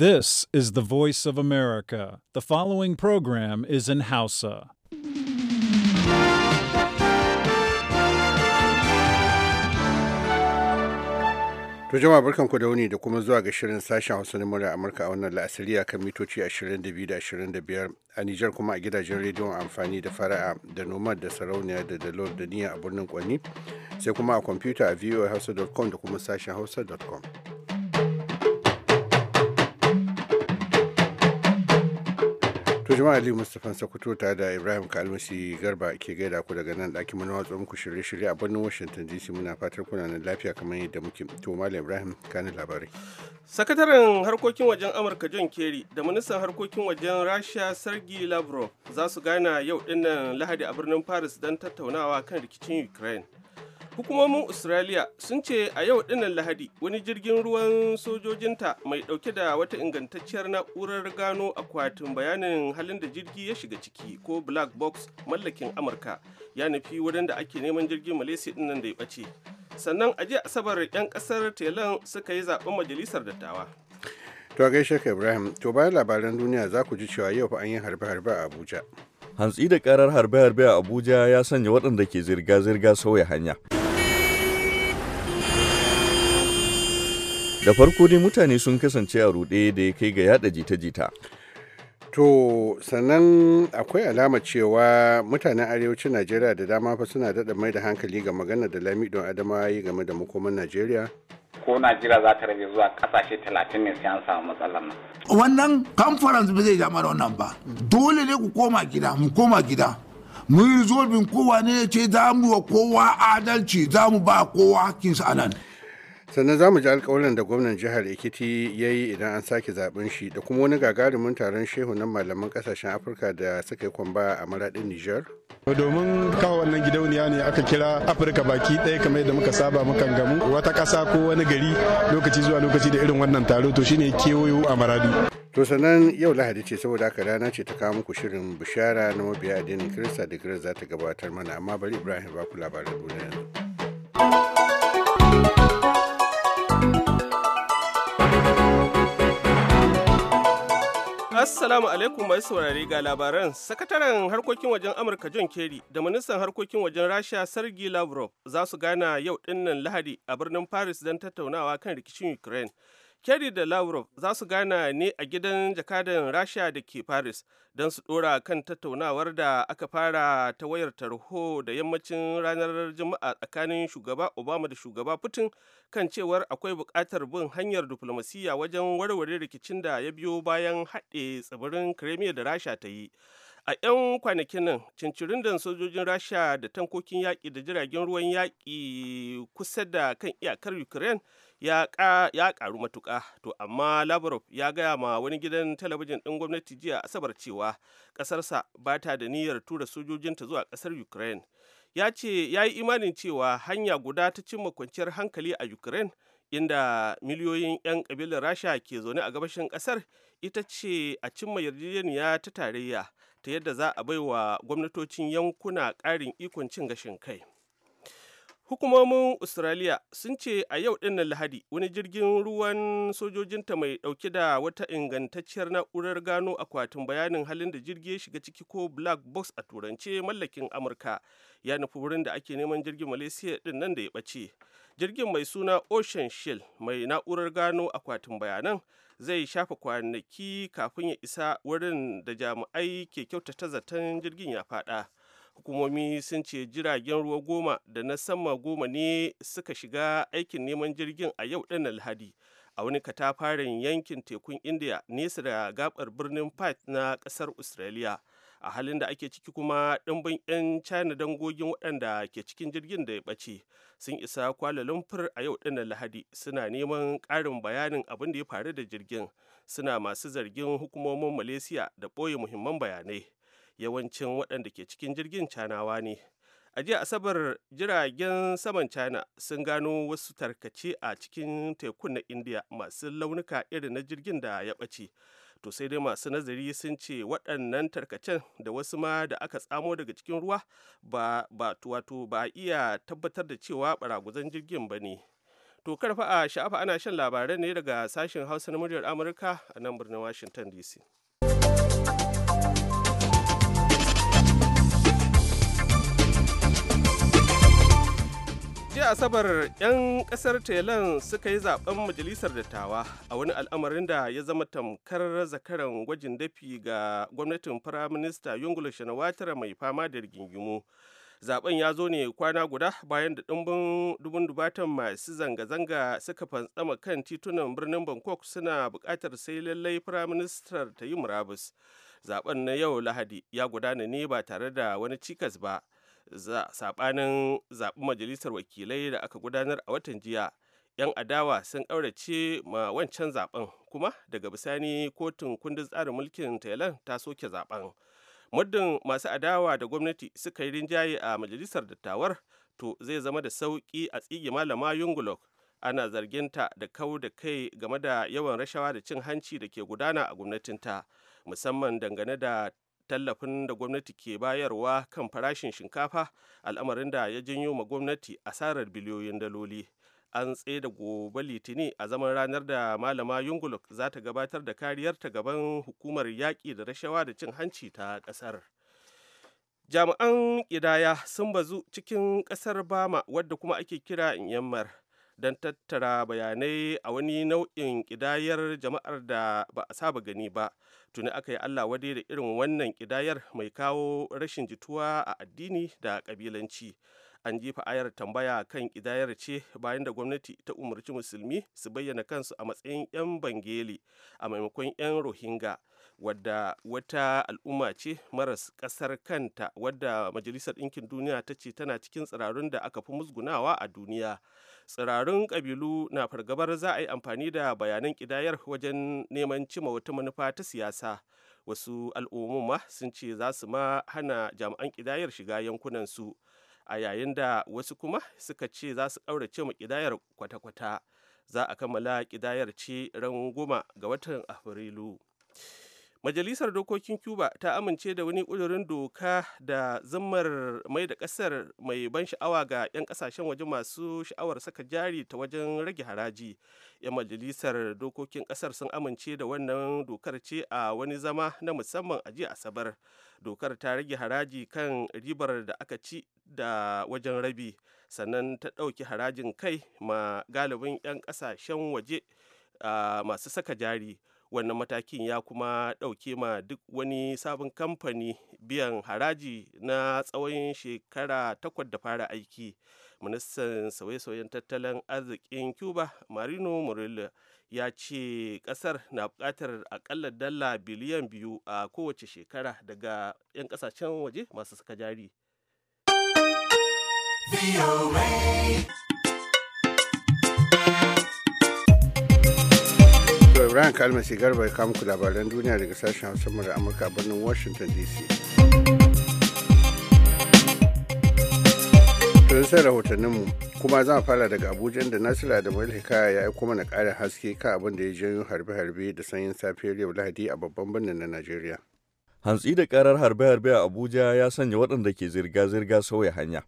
This is the voice of America. The following program is in Hausa. To jama'a barkanku da wuni da kuma zuwa ga shirin sashen Hausa na murya Amurka a wannan a kan mitoci 22 da 25 a Nijar kuma a gidajen rediyon amfani da fara'a da nomad da sarauniya da dalor da niyya a birnin kwanni sai kuma a kwamfuta a voahausa.com da kuma sashen hausa.com. to jama'a ali mustapha sokoto tare da ibrahim kalmasi garba ke gaida ku daga nan ɗakin mana watsa muku shirye-shirye a birnin washington dc muna fatar kuna nan lafiya kamar yadda muke to malam ibrahim kanin labarai sakataren harkokin wajen amurka john kerry da ministan harkokin wajen rasha Sergey lavrov za su gana yau dinnan lahadi a birnin paris don tattaunawa kan rikicin ukraine hukumomin australia sun ce a yau dinnan lahadi wani jirgin ruwan sojojinta mai dauke da wata ingantacciyar na'urar gano akwatin bayanin halin da jirgi ya shiga ciki ko black box mallakin amurka ya nufi wurin da ake neman jirgin malaysia dinnan da ya bace sannan a jiya asabar 'yan kasar telan suka yi zaben majalisar dattawa to gaishe ka ibrahim to bayan labaran duniya za ku ji cewa yau fa an yi harbe-harbe a abuja hantsi da karar harbe-harbe a abuja ya sanya waɗanda ke zirga-zirga sauya hanya da farko dai mutane sun kasance a ruɗe da ya kai ga yada jita-jita to sannan akwai alama cewa mutanen arewacin najeriya da dama fa suna daɗa mai da hankali ga magana da lamidon adama yi game da makoman najeriya ko najeriya za ta rage zuwa kasashe talatin ne sai an samu matsalar nan wannan conference ba zai gama da wannan ba dole ne ku koma gida mu koma gida mu yi kowa ne ce za mu wa kowa adalci za mu ba kowa hakkinsa a nan sannan za mu ji alkawalin da gwamnan jihar ekiti ya yi idan an sake zaben shi da kuma wani gagarumin taron shehu na malaman kasashen afirka da suka yi kwamba a maradin niger domin kawo wannan gidauniya ne aka kira afirka baki ɗaya kamar da muka saba mukan gamu wata ƙasa ko wani gari lokaci zuwa lokaci da irin wannan taro to shine kewayo a maradi to sannan yau lahadi ce saboda haka rana ce ta kawo muku shirin bishara na mabiya addinin kirista da kira za ta gabatar mana amma bari ibrahim ba ku labaran yanzu. Assalamu alaikum masu saurare ga labaran. Sakataren harkokin wajen Amurka John Kerry da ministan harkokin wajen Rasha Sergei Lavrov za su gana yau dinnan Lahadi a birnin Paris don tattaunawa kan rikicin Ukraine. Kerry da Lavrov za su gana ne a gidan jakadan Rasha da ke Paris don su dora kan tattaunawar da aka fara ta wayar tarho da yammacin ranar Juma'a tsakanin shugaba Obama da shugaba Putin kan cewar akwai bukatar bin hanyar diflomasiyya wajen warware rikicin da ya biyo bayan haɗe tsibirin Crimea da Rasha ta yi. A 'yan kwanakin nan, cincirindan sojojin Rasha da tankokin yaƙi da jiragen ruwan yaƙi kusa da kan iyakar Ukraine ya karu matuka to amma lavrov ya gaya ma wani gidan talabijin ɗin gwamnati jiya asabar cewa ƙasarsa ba ta da niyyar tura sojojinta zuwa ƙasar ukraine ya ce ya yi imanin cewa hanya guda ta cimma kwanciyar hankali a ukraine inda miliyoyin 'yan ƙabilar rasha ke zaune a gabashin ƙasar ita ce a cimma yarjejeniya ta tarayya ta yadda za a baiwa gwamnatocin yankuna ƙarin ikon cin gashin kai Hukumomin Australia sun ce a yau ɗin Lahadi wani jirgin ruwan sojojinta mai ɗauke da wata ingantacciyar na'urar gano akwatin bayanin halin da jirgi ya shiga ciki ko black box a turance mallakin Amurka ya nufi wurin da ake neman jirgin Malaysia ɗin nan da ya ɓace. Jirgin mai suna Ocean Shell mai na'urar gano akwatin bayanan zai shafa kwanaki kafin ya isa wurin da jami'ai ke kyautata zaton jirgin ya faɗa. hukumomi sun ce jiragen ruwa goma da na sama goma ne suka shiga aikin neman jirgin a yau ɗan alhadi a wani katafaren yankin tekun india nesa da gabar birnin pat na ƙasar australia a halin da ake ciki kuma ɗimbin 'yan china dangogin waɗanda ke cikin jirgin da ya ɓace sun isa kwala lumpur a yau ɗin lahadi suna neman ƙarin bayanin abin da ya faru da jirgin suna masu zargin hukumomin malaysia da ɓoye muhimman bayanai yawancin waɗanda ke cikin jirgin canawa ne a jiya asabar jiragen saman china sun gano wasu tarkace a cikin tekun na india masu launuka irin na jirgin da ya ɓace to sai dai masu nazari sun ce waɗannan tarkacen da wasu ma da aka tsamo daga cikin ruwa ba ba wato ba iya tabbatar da cewa baraguzan jirgin ba ne to karfa a sha'afa ana shan labarai ne daga sashen hausa na muryar amurka a nan birnin washington dc jiya asabar 'yan kasar telan suka yi zaben majalisar dattawa a wani al'amarin da ya zama tamkar zakaran gwajin dafi ga gwamnatin firaminista yungul shanawatara mai fama da rigingimu zaben ya zo ne kwana guda bayan da ɗumbin dubun dubatan masu zanga-zanga suka fantsama kan titunan birnin bangkok suna buƙatar sai lallai firaministar ta yi murabus zaben na yau lahadi ya gudana ne ba tare da wani cikas ba saɓanin zaɓen majalisar wakilai da aka gudanar a watan jiya 'yan adawa sun ƙaurace ma wancan zaɓen kuma daga bisani kotun kundin tsarin mulkin tailan ta soke zaɓen muddin masu adawa da gwamnati suka yi rinjaye a majalisar dattawar to zai zama da sauƙi a tsige malama yungulok ana zarginta da kau da kai game da yawan rashawa da cin hanci da ke gudana a gwamnatinta musamman dangane da tallafin da gwamnati ke bayarwa kan farashin shinkafa al'amarin da ya janyo ma gwamnati asarar biliyoyin daloli an da gobe litini a zaman ranar da malama yunguluk za ta gabatar da kariyar ta gaban hukumar yaƙi da rashawa da cin hanci ta ƙasar jami'an ƙidaya sun bazu cikin ƙasar bama wadda kuma ake kira myanmar don tattara bayanai a wani nau'in ƙidayar jama'ar da ba a saba gani ba tuni aka yi allah wadai da irin wannan ƙidayar mai kawo rashin jituwa a addini da ƙabilanci an jefa ayar tambaya kan ƙidayar ce bayan da gwamnati ta umarci musulmi su bayyana kansu a matsayin 'yan bangeli a maimakon 'yan rohingya wadda wata al'umma ce maras ƙasar kanta wadda majalisar ɗinkin duniya ta ce tana cikin tsirarun da aka fi musgunawa a duniya tsirarun ƙabilu na fargabar za a yi amfani da bayanan ƙidayar wajen neman cima wata manufa ta siyasa wasu al'ummu sun ce za su ma hana jami'an ƙidayar shiga yankunan su a yayin da wasu kuma suka ce za su ƙaurace ma ƙidayar kwata-kwata za a kammala ƙidayar ce ran goma ga watan afrilu majalisar dokokin cuba ta amince da wani ƙudurin doka da zammar mai da ƙasar mai ban sha'awa ga 'yan ƙasashen waje masu sha'awar saka jari ta wajen rage haraji 'yan majalisar dokokin ƙasar sun amince da wannan dokar ce a wani zama na musamman a jiya asabar dokar ta rage haraji kan ribar da aka ci da wajen rabi sannan ta ɗauki harajin kai ma galibin 'yan ƙasashen waje masu saka jari wannan matakin ya kuma ɗauke ma duk wani sabon kamfani biyan haraji na tsawon shekara takwas da fara aiki ministan sauye-sauyen tattalin arzikin cuba marino murillo ya ce kasar na bukatar akalla dala biliyan biyu a kowace shekara daga 'yan kasashen waje masu suka jari. to ibrahim kalmasi garba ya kama ku labaran duniya daga sashen hausa mara amurka birnin washington dc tun sai rahotanninmu kuma zan fara daga abuja da nasiru da hikaya ya aiko mana ƙarin haske kan abin da ya janyo harbe-harbe da sanyin safiyar yau lahadi a babban birnin na najeriya hantsi da karar harbe-harbe a abuja ya sanya waɗanda ke zirga-zirga sauya hanya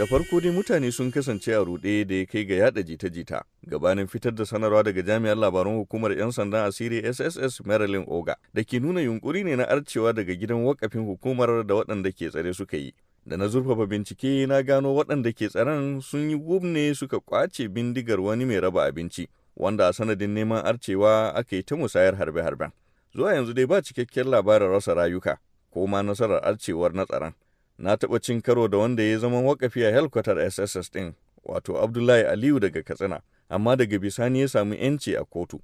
Da farko dai mutane sun kasance a ruɗe da ya kai ga yada jita-jita gabanin fitar da sanarwa daga jami'an labaran hukumar 'yan sandan asiri SSS Marilyn Oga da ke nuna yunkuri ne na arcewa daga gidan wakafin hukumar da waɗanda ke tsare suka yi. Da na zurfafa bincike na gano waɗanda ke tsaren sun yi gub suka kwace bindigar wani mai raba abinci wanda a sanadin neman arcewa aka yi ta musayar harbe-harben. Zuwa yanzu dai ba cikakken labarin rasa rayuka ko ma nasarar arcewar na tsaron. na taɓa cin karo da wanda ya zama wakafi a helkwatar sss ɗin wato abdullahi aliyu daga katsina amma daga bisani ya samu yanci a kotu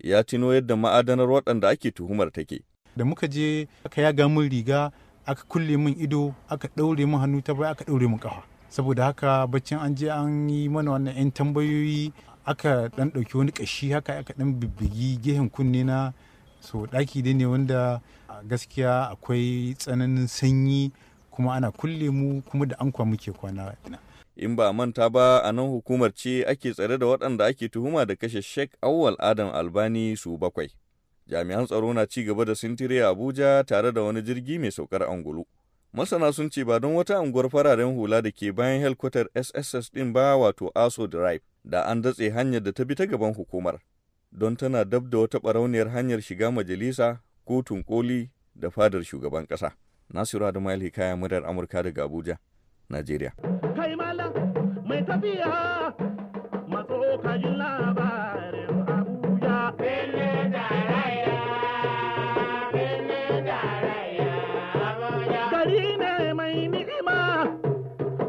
ya tino yadda ma'adanar waɗanda ake tuhumar take da muka je aka yaga min riga aka kulle min ido aka ɗaure min hannu ta bai aka ɗaure min ƙafa saboda haka baccin an je an yi mana wannan 'yan tambayoyi aka ɗan ɗauki wani ƙashi haka aka ɗan bibbigi gehen kunne na so ɗaki dai ne wanda gaskiya akwai tsananin sanyi kuma ana kulle mu kuma da ankwa muke kwana in ba manta ba a nan hukumar ce ake tsare da waɗanda ake tuhuma da kashe Sheikh Awwal Adam Albani su bakwai. Jami'an tsaro na ci gaba da sintiri a Abuja tare da wani jirgi mai saukar angulu. Masana sun ce ba don wata unguwar fararen hula da ke bayan helkwatar SSS ɗin ba wato Aso Drive da an datse hanyar da ta bi ta gaban hukumar. Don tana dab da wata barauniyar hanyar shiga majalisa, kotun koli da fadar shugaban ƙasa. Nasiru Adamu Alhikaya murar Amurka daga Abuja, Najeriya. Kai malam mai tafiya matso kajin labarin Abuja. Bele da raya, bele da raya, Abuja. Gari ne mai ni'ima,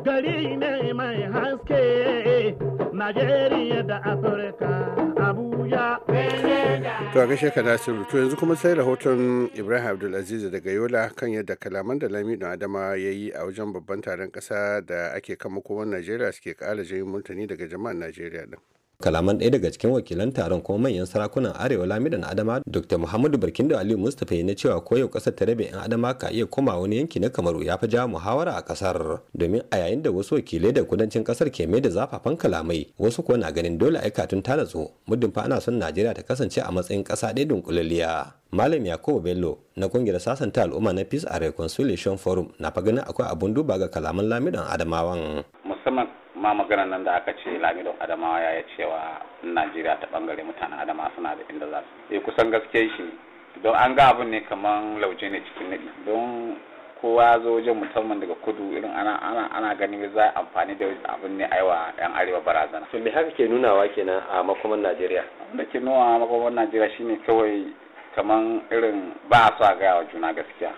gari ne mai haske, Najeriya da Afirka, Abuja. Bele To a gaishe ka Nasiru, to yanzu kuma sai rahoton Ibrahim Abdulaziz daga Yola kan yadda kalaman da Lamido Adama ya yi a wajen babban taron kasa da ake kama kowan Najeriya suke kara jayin mutane daga jama'an Najeriya din. kalaman ɗaya daga cikin wakilan taron kuma manyan sarakunan arewa lamidan adama dr muhammadu barkindo aliyu mustapha na cewa ko yau ƙasar ta rabe yan adama ka iya koma wani yanki na kamaru ya fi jawo muhawara a ƙasar domin a yayin da wasu wakilai da kudancin ƙasar ke mai da zafafan kalamai wasu kuwa na ganin dole aikatun ta natsu muddin fa ana son najeriya ta kasance a matsayin ƙasa ɗaya dunkulaliya Malam Yakubu Bello na kungiyar sasanta al'umma na Peace and Reconciliation Forum na fa ganin akwai abun duba ga kalaman lamidan Adamawan. ma magana nan da aka ce lamidon adamawa ya yi cewa najeriya ta bangare mutane adama suna da inda za su yi. Eh, kusan gaske shi don an ga abin ne kamar lauje ne cikin nadi don kowa ya zo wajen musamman daga kudu irin ana ana ganin za a amfani da abin ne aiwa yan arewa barazana to me haka ke nunawa kenan a makoman najeriya da ke nuna a makoman najeriya shine kawai kamar irin ba a so a gaya wa juna gaskiya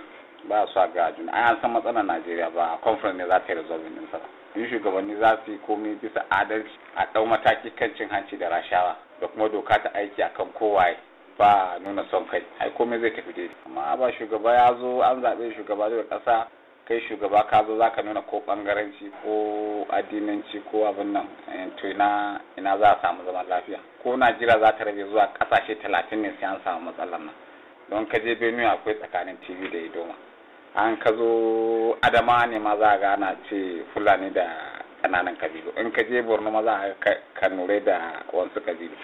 ba a so gaya wa juna an san matsalar najeriya ba a conference ne za ta yi resolving din sa in shugabanni za su yi komai bisa adalci a ɗau mataki kan cin hanci da rashawa da kuma doka ta aiki akan kowaye ba nuna son kai ai komai zai tafi daidai amma ba shugaba ya zo an zaɓe shugaba daga ƙasa kai shugaba ka zo zaka nuna ko bangaranci ko addinanci ko abin nan eh, to ina ina za a samu zaman lafiya ko najeriya za ta rage zuwa kasashe talatin ne sai an samu matsalar nan don ka je benue akwai tsakanin tv da idoma an ka zo adama ne ma za ga ana ce fulani da kananan kabilu in ka je borno ma za ka kanure da wasu kabilu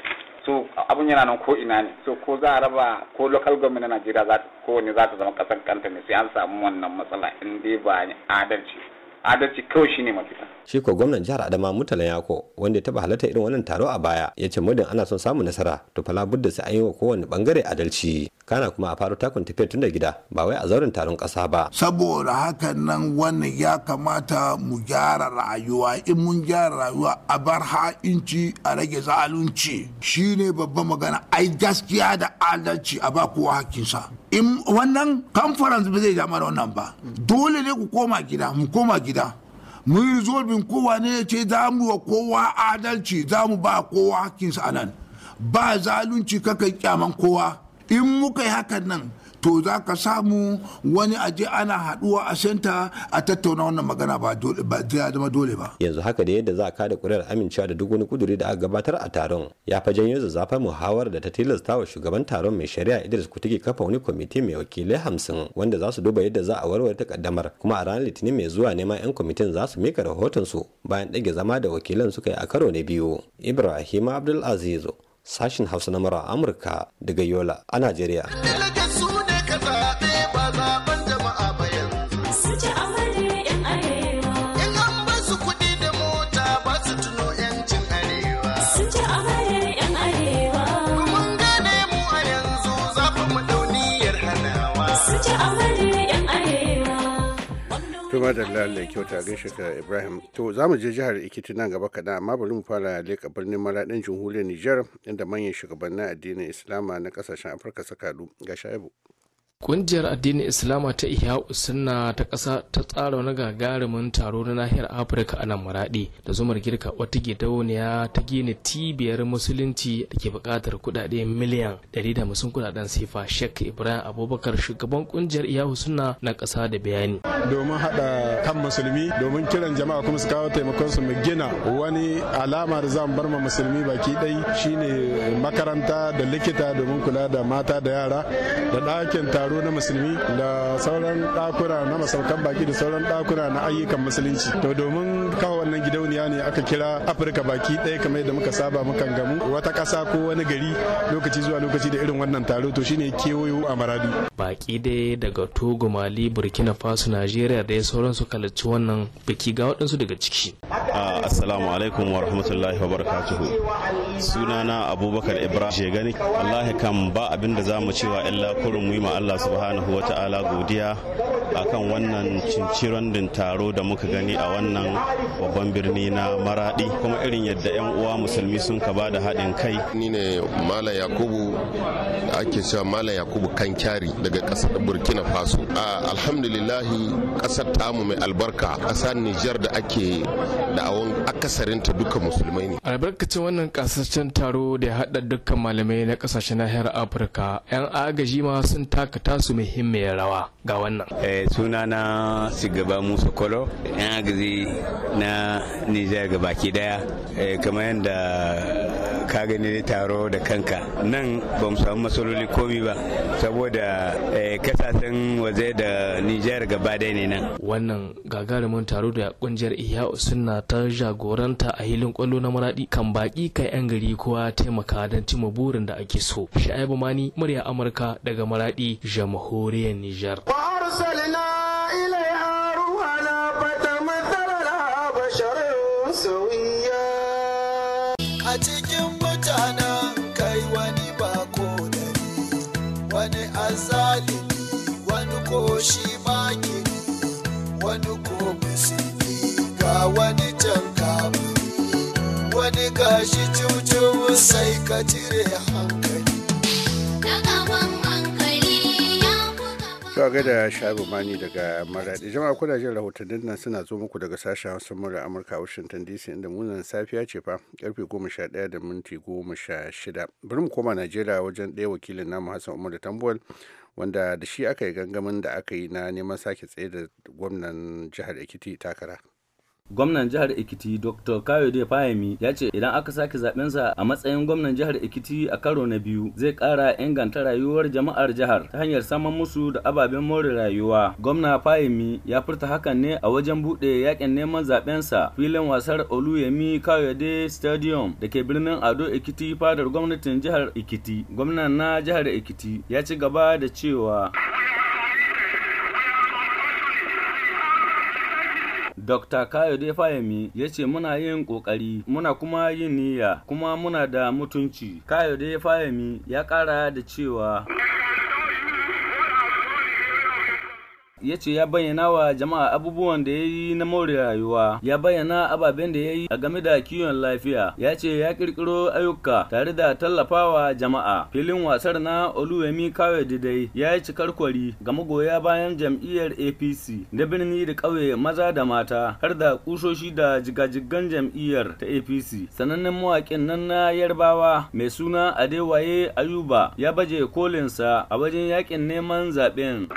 so abun yana nan ko ina ne so ko za a raba ko local government na najeriya za ta kowane za ta zama kasar kanta ne sai an samu wannan matsala in dai ba adalci adalci kawai shine mafita shi ko gwamnan jihar adama mutala yako wanda ya taba halarta irin wannan taro a baya ya ce mudin ana son samun nasara to fa labudda sai an yi wa kowane bangare adalci kana kuma a faro takun tafiyar tun da gida ba wai a zauren taron kasa ba. saboda haka nan wannan ya kamata mu gyara rayuwa in mun gyara rayuwa a bar ha'inci a rage zalunci shine babban magana ai gaskiya da adalci a ba kowa hakinsa in wannan conference ba zai zama da wannan ba dole ne ku koma gida mu koma gida mu yi resolving kowa ne ya ce za mu wa kowa adalci za mu ba kowa hakinsa a nan ba zalunci kakan kyaman kowa in muka yi hakan nan to za ka samu wani aje ana haduwa a senta a tattauna wannan magana ba zai zama dole ba yanzu haka da yadda za a kada kuri'ar amincewa da duk wani kuduri da aka gabatar a taron ya fa janyo zazzafar muhawar da ta tilasta wa shugaban taron mai shari'a idris kutigi kafa wani kwamiti mai wakilai hamsin wanda za su duba yadda za a warware takaddamar kuma a ranar litinin mai zuwa neman yan kwamitin za su mika rahoton su bayan ɗage zama da wakilan suka yi a karo na biyu ibrahim abdulaziz. Sashen Hausa na mara Amurka daga Yola a Najeriya. ma da kyauta gaishe ka Ibrahim. To za mu je jihar Ikiti nan gaba kaɗan amma bari mu fara leƙa birnin maraɗin jamhuriyar Nijar inda manyan shugabannin addinin Islama na kasashen Afirka suka haɗu ga Shaibu. Kungiyar addinin Islama ta Ihya Sunna ta ƙasa ta tsara wani gagarumin taro na nahiyar Afirka a nan maraɗi da zumar girka wata gidauniya ta gina tibiyar musulunci da ke buƙatar kuɗaɗe miliyan ɗari da musun kuɗaɗen sifa shek Ibrahim Abubakar shugaban kungiyar Ihya Sunna na ƙasa da bayani. Domin haɗa kan musulmi domin kiran jama'a kuma su kawo taimakon su mu gina wani alama da zan bar ma musulmi baki ɗai shine makaranta da likita domin kula da mata da yara da ɗakin taro taro na musulmi da sauran dakura na masaukan baki da sauran ɗakuna na ayyukan musulunci to domin kawo wannan gidauniya ne aka kira afirka baki ɗaya kamar yadda muka saba mukan gamu wata ƙasa ko wani gari lokaci zuwa lokaci da irin wannan taro to shine kewayo a maradi baki dai daga togo mali burkina faso najeriya da su kalacci wannan biki ga waɗansu daga ciki assalamu alaikum wa rahmatullahi wa barakatuhu sunana abubakar ibrahim shegani wallahi kan ba abin da za mu cewa illa kurin mu ma allah subhanahu wa ta'ala godiya akan wannan cinciron din taro da muka gani a wannan babban birni na maradi kuma irin yadda 'yan uwa musulmi sun ka bada haɗin kai ni ne mala yakubu ake cewa mala yakubu kan kyari daga ƙasar burkina faso alhamdulillahi ƙasar tamu mai albarka ƙasar nijar da ake da awon akasarinta duka musulmai ne albarkacin wannan kasashen taro da ya haɗa dukkan malamai na ƙasashen nahiyar afirka 'yan agaji ma sun taka tasu muhimmiyar rawa ga wannan eh, sunana shugaba musa kolo 'yan agaji na Nijar baki daya eh, kamar yadda ka gani taro da kanka nan ba mu samu matsaloli komi ba saboda eh, kasashen waje da Nijar gaba daya ne nan. Wannan gagarumin taro da kungiyar iya sunna ta jagoranta a hilin kwallo na maradi kan baki kai 'yan gari kowa taimaka don cimma burin da ake so. Sha'ibu Mani murya Amurka daga maradi jamhuriyar Nijar. ka cire hankali ga da Shabu Mani daga Maraɗi. Jama'a kudajen jin rahotannin nan suna zo muku daga sashen Hausa murar Amurka Washington DC inda munan safiya ce fa karfe 11 da minti 16. Bari mu koma Najeriya wajen ɗaya wakilin namu Hassan Umar da Tambuwal wanda da shi aka yi gangamin da aka yi na neman sake tsaye da gwamnan jihar Ekiti takara. Gwamnan jihar Ekiti Dr. Kayode Fahimi ya ce idan aka sake zaɓensa a matsayin gwamnan jihar Ekiti a karo na biyu zai ƙara inganta rayuwar jama'ar jihar ta hanyar saman musu da ababen more rayuwa. Gwamna Fahimi ya furta hakan ne a wajen buɗe yakin neman zaɓensa filin wasar Oluyemi Kayode Stadium da ke birnin Ado Ekiti fadar gwamnatin jihar Ekiti. Gwamnan na jihar Ekiti ya ci gaba da cewa. Dr. Kayode Fayemi ya ce muna yin ƙoƙari. muna kuma yin niyya kuma muna da mutunci. Kayode Fayemi ya ƙara da cewa ya ce ya bayyana wa jama'a abubuwan da ya yi na more rayuwa ya bayyana ababen da ya yi a game da kiwon lafiya ya ce ya kirkiro ayyuka tare da tallafawa jama'a filin wasar na oluwemi kawai didai ya yi cikar kwari ga magoya bayan jam'iyyar apc da birni da ƙauye maza da mata har da kusoshi da jigajigan jam'iyyar ta apc sanannen mawaƙin nan na yarbawa mai suna adewaye ayuba ya baje kolinsa a wajen yakin neman zaɓen.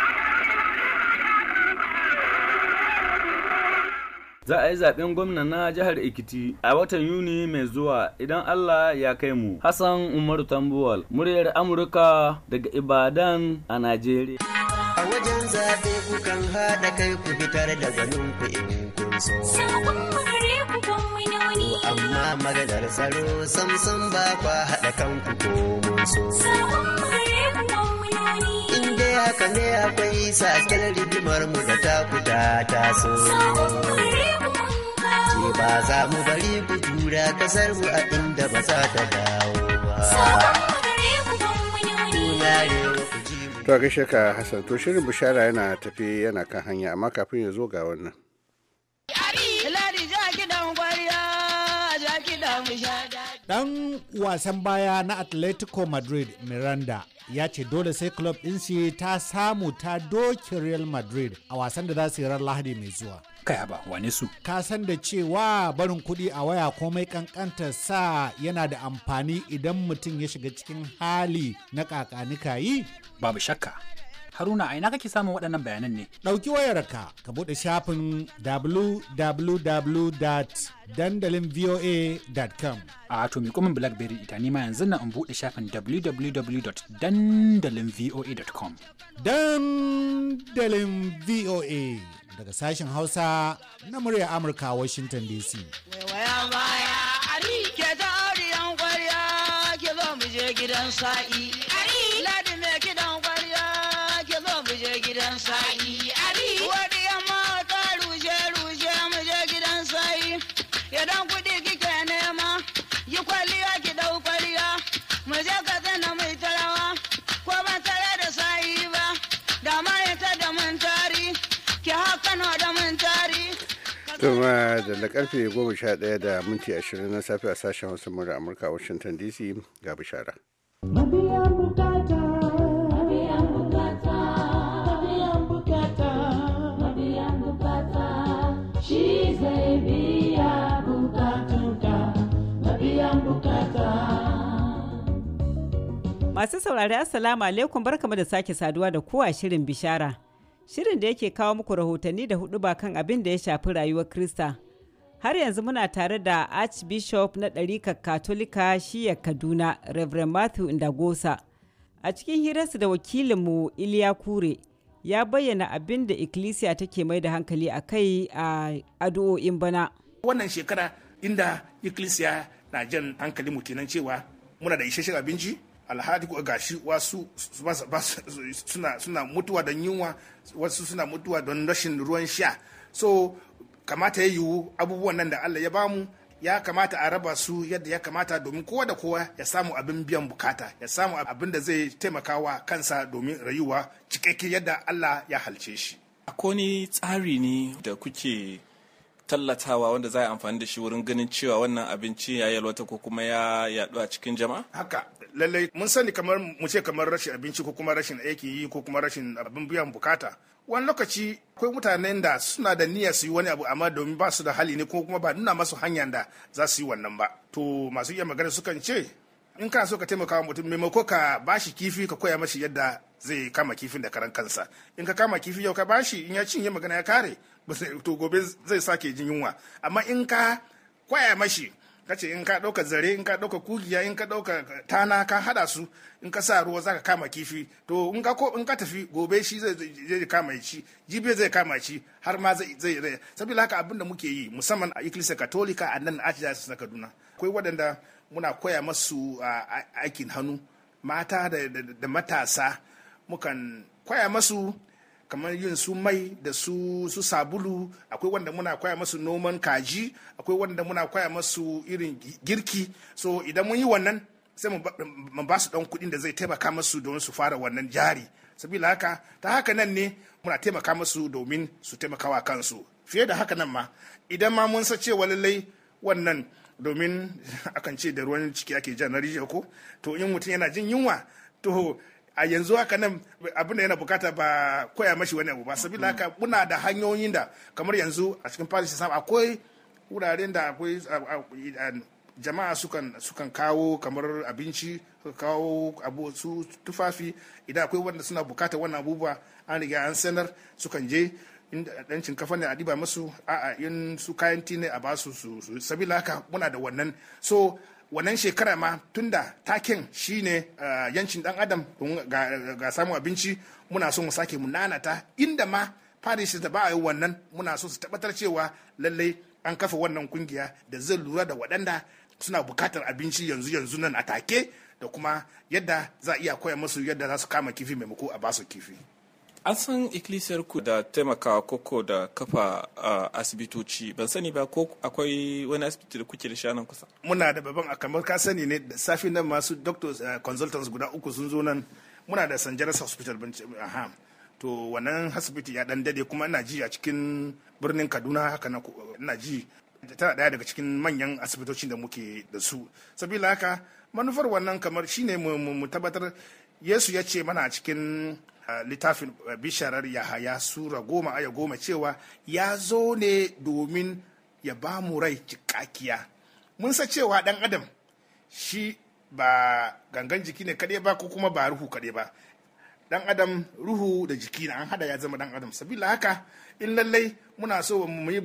za a yi zaben gwamna na jihar Ekiti a watan Yuni mai zuwa idan Allah ya kai mu. Hassan Umaru Tambuwal, muryar Amurka daga Ibadan a Najeriya. A wajen zaɓe kukan haɗa kai ku fitar da zanen ku in kun so. Amma maganar tsaro samsam ba kwa haɗa kanku ko mun so. haka ne akwai saken rigimar mu da ta kuta taso ce ba za mu bari ku tura kasar mu a inda ba za ta dawo ba to gaishe ka hassan to shirin bishara yana tafi yana kan hanya amma kafin ya zo ga wannan Ladi ja kidan kwariya, ja kidan bishada. dan wasan baya na atletico madrid miranda ya ce dole sai club shi ta samu ta doki real madrid a wasan da za su yi ran lahadi mai zuwa kaya ba wane su ka san da cewa barin kuɗi a waya komai kankanta sa yana da amfani idan mutum ya shiga cikin hali na kakanika yi? babu shakka Haruna a ina kake samun waɗannan bayanan ne? Ɗauki wayarka ka buɗe shafin www.dandalinvoa.com. A to mi kuma Blackberry ita ni ma yanzu na in buɗe shafin www.dandalinvoa.com. Dandalin VOA daga sashen Hausa na murya Amurka Washington DC. Waiwaya baya, gidan sa'i. gidan sa'i ali wani yamma ta rushe rushe mu je gidan sa'i idan kuɗi kike nema yi kwalliya ki dau kwalliya mu je ka tsana mai tarawa ko ba tare da sa'i ba da ma ita da mun tari ki haka da mun tari tuma da karfe 11 da minti 20 na safe a sashen wasu murar amurka washington dc ga bishara mabiya bukata zai biya bukatunka bukata Masu saurari Assalamu alaikum barkamu da sake saduwa da kowa shirin bishara. Shirin da yake kawo muku rahotanni da hudu ba kan abin da ya shafi rayuwar Krista. Har yanzu muna tare da Archbishop na ɗarikar Katolika shiya Kaduna, Reverend Matthew Ndagosa. A cikin hirarsu da wakilinmu Iliya Kure, ya bayyana abin da ikkilisiya take mai da hankali a kai a addu'o'in bana. Wannan shekara inda ikkilisiya na jan hankali mu cewa muna da isasshen abinci alhadi ko gashi wasu suna mutuwa don yunwa wasu suna mutuwa don rashin ruwan sha so kamata ya yiwu abubuwan nan da Allah ya bamu ya kamata a raba su yadda ya kamata domin kowa da kowa ya samu abin biyan bukata ya samu abin da zai taimaka wa kansa domin rayuwa cikakke yadda Allah ya halce shi. Akwai tsari ne da kuke tallatawa wanda za a amfani da shi wurin ganin cewa wannan abinci ya yalwata ko kuma ya yaɗu a cikin jama'a? Haka, lallai mun sani kamar mu ce kamar rashin abinci ko kuma rashin aikin yi ko kuma rashin abin biyan bukata. Wani lokaci akwai mutanen da suna da niyyar su yi wani abu amma domin ba su da hali ne ko kuma ba nuna masu hanyar da za su yi wannan ba. To masu iya magana sukan ce in kana so ka taimaka wa mutum maimako ka bashi kifi ka koya mashi yadda zai kama kifin da karan kansa in ka kama kifi yau ka bashi in ya cinye magana ya kare to gobe zai sake jin yunwa amma in ka koya mashi ka ce in ka ɗauka zare in ka ɗauka kugiya in ka ɗauka tana ka haɗa su in ka sa ruwa za ka kama kifi to in ka ko in ka tafi gobe shi zai kama shi jibe zai kama shi har ma zai zai saboda haka abin da muke yi musamman a ikilisa katolika a nan a na kaduna akwai waɗanda muna koya masu aikin hannu mata da matasa mukan koya masu kamar yin su mai da su sabulu akwai wanda muna koya masu noman kaji akwai wanda muna koya masu irin girki so idan mun yi wannan sai mu ba su dan kuɗin da zai taimaka masu don su fara wannan jari sabila haka ta haka nan ne muna taimaka masu domin su taimakawa kansu fiye da haka nan ma idan ma mun sa cewa lallai wannan domin akan ce da ruwan ciki ake jan na rijiya ko to in mutum yana jin yunwa to a yanzu haka nan abin da yana bukata ba koya mashi wani abu ba sabila haka muna da hanyoyin da kamar yanzu a cikin palace sam akwai wuraren da akwai jama'a sukan sukan kawo kamar abinci kawo abu su tufafi idan akwai wanda suna bukata wannan abubuwa an riga an sanar sukan je inda dan shinkafa ne a diba musu a'a in su kayan ti ne a ba su su sabila haka muna da wannan so wannan shekara ma tunda taken shine eh, yancin dan adam ga samun abinci muna so mu sake mu nanata inda ma paris da ba a yi wannan muna so su tabbatar cewa lallai an kafa wannan kungiya da zai lura da waɗanda suna bukatar abinci yanzu yanzu nan a take da kuma yadda za a iya koya musu yadda za su kama kifi maimako a ba su kifi an san ikkilisiyar ku da taimakawa koko da kafa asibitoci ban sani ba ko akwai wani asibiti da kuke da shanan kusa muna da babban kamar ka sani ne da safi nan masu doctors consultants guda uku sun zo nan muna da san jaras Hospital aha to wannan asibiti ya dan dade kuma ina ji a cikin birnin Kaduna haka na ina ji tana daya daga cikin manyan asibitocin da muke da su sabila haka manufar wannan kamar shine mu tabbatar yesu ya ce mana a cikin littafin bisharar yahaya sura goma aya goma cewa ya zo ne domin ya ba mu rai cikakkiya mun sa cewa ɗan adam shi ba gangan jiki ne kaɗai ba ko kuma ba ruhu kaɗai ba dan adam ruhu da jiki na an hada ya zama dan adam sabila haka in lallai muna so mu yi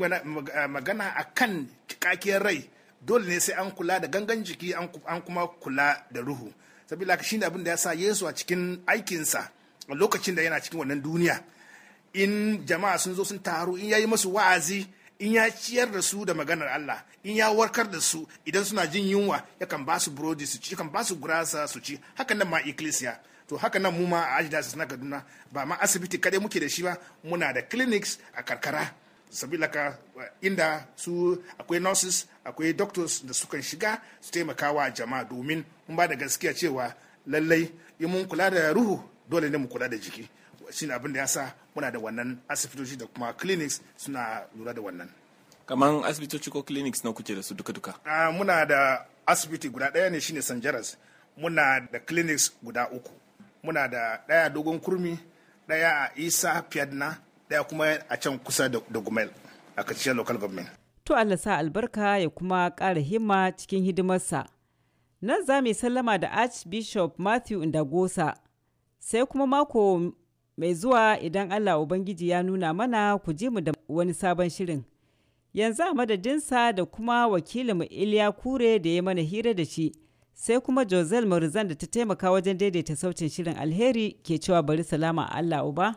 magana a kan cikakkiyar rai dole ne sai an kula da gangan jiki an kuma kula da ruhu sabila ka shine abin da ya sa Yesu a cikin aikinsa a lokacin da yana cikin wannan duniya in jama'a sun zo sun taru in ya yi masu wa'azi in ya ciyar da su da maganar Allah in ya warkar da su idan suna jin yunwa yakan ba su burodi su ci yakan ba su gurasa su ci hakan nan ma ikilisiya to haka nan mu ma a aji na Kaduna ba ma asibiti kadai muke da shi ba muna da clinics a karkara sabilaka inda su akwai nurses akwai doctors da sukan shiga su taimakawa jama'a domin mun ba da gaskiya cewa lallai in mun kula da ruhu dole ne mu kula da jiki shi abin da ya sa muna da wannan asibitoci da kuma clinics suna lura da wannan kaman asibitoci ko clinics na kuke da su duka-duka muna da asibiti guda daya ne shine san jaras muna da clinics guda uku muna da daya dogon kurmi daya a isa piadna daya kuma a can kusa da gumel a kacishen local government to allah sa albarka ya kuma ƙara himma cikin hidimarsa nan za mu sallama da archbishop matthew ndagosa sai kuma mako mai zuwa idan allah ubangiji ya nuna mana ku ji mu da wani sabon shirin yanzu a madadinsa da kuma wakilinmu iliya kure da ya mana hira da shi sai kuma Josel Marizan da ta taimaka wajen daidaita sautin shirin alheri ke cewa bari salama Allah uba.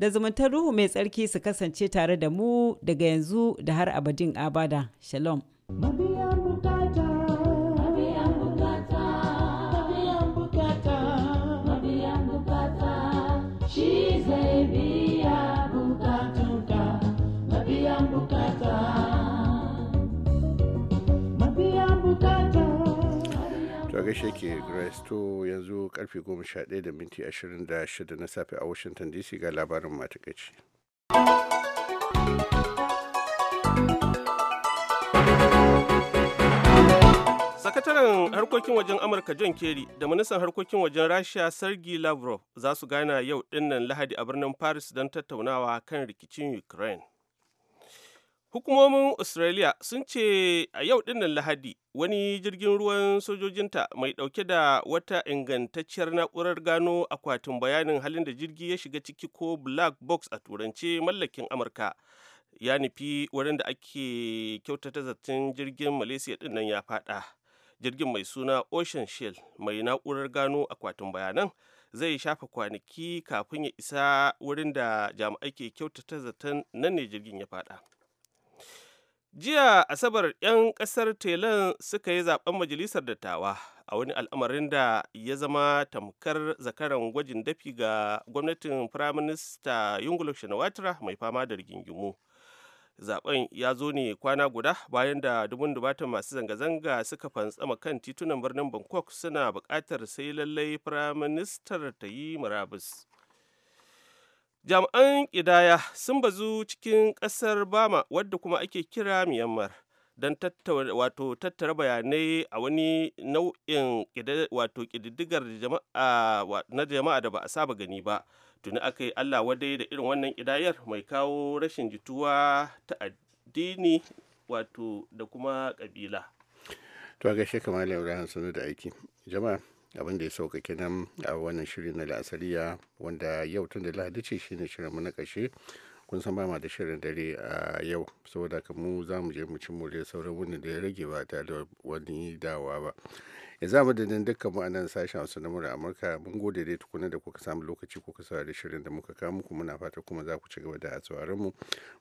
da zumuntar ruhu mai tsarki su kasance tare da mu daga yanzu da har abadin abada shalom daga gaishe ke grace to yanzu karfe 11:26 da minti na safe a washington dc ga labarin matakaici sakataren harkokin wajen amurka john kerry da ministan harkokin wajen rasha sergey lavrov za su gana yau dinnan lahadi a birnin paris don tattaunawa kan rikicin ukraine Hukumomin Australia sun ce a yau dinnan Lahadi wani jirgin ruwan sojojinta mai ɗauke da wata ingantacciyar na'urar gano akwatin bayanin halin da jirgi ya shiga ciki ko black box a turance mallakin Amurka. Ya nufi wurin da ake kyautata zaton jirgin Malaysia dinnan ya fada. Jirgin mai suna Ocean Shell mai na'urar gano akwatin bayanan. zai shafa kwanaki kafin ya isa wurin da jami'ai ke kyautata zaton nan ne jirgin ya fada. jiya asabar 'yan ƙasar telan suka yi zaɓen majalisar dattawa a wani al'amarin da ya zama tamkar zakaran gwajin dafi ga gwamnatin firaminista yunguluk shanawatra mai fama da rigingimu zaben ya zo ne kwana guda bayan da dubun dubatan masu zanga-zanga suka fantsama kan titunan birnin bangkok suna buƙatar sai lallai firaministar ta yi murabus jami'an kidaya sun bazu cikin kasar bama wadda kuma ake kira myanmar don tattara bayanai a wani nau'in kididdigar na jama'a da ba a saba gani ba tuni aka yi allah wadai da irin wannan kidayar mai kawo rashin jituwa ta addini da kuma kabila. to a gaishe kamar sanu da aiki jama'a abin da ya sauka kenan a wannan shirin na la'asariya wanda yau tun da lahadi ce shine shirin mu na ƙarshe kun san bama da shirin dare a yau saboda ka mu za mu je mu ci da sauran wani da ya rage ba tare da wani dawa ba ya za mu dandan dukkan mu anan sashen wasu na murar amurka mun gode dai tukuna da kuka samu lokaci kuka da shirin da muka kawo muku muna fata kuma za ku ci gaba da tsawarin mu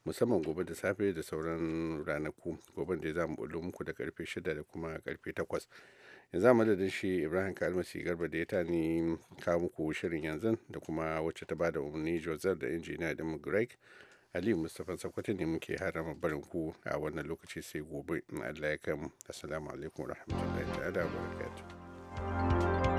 musamman gobe da safe da sauran ranaku gobe da za mu bullo muku da karfe shida da kuma karfe takwas yanzu a madadin shi ibrahim kalmasi garba da ya ta kawo muku shirin yanzu da kuma wacce ta bada umarni joseph da injiniya din greg aliyu mustapha sakwata ne muke harama barin ku a wannan lokaci sai gobe in allah ya kai mu assalamu alaikum warahmatullahi ta'ala barakatuh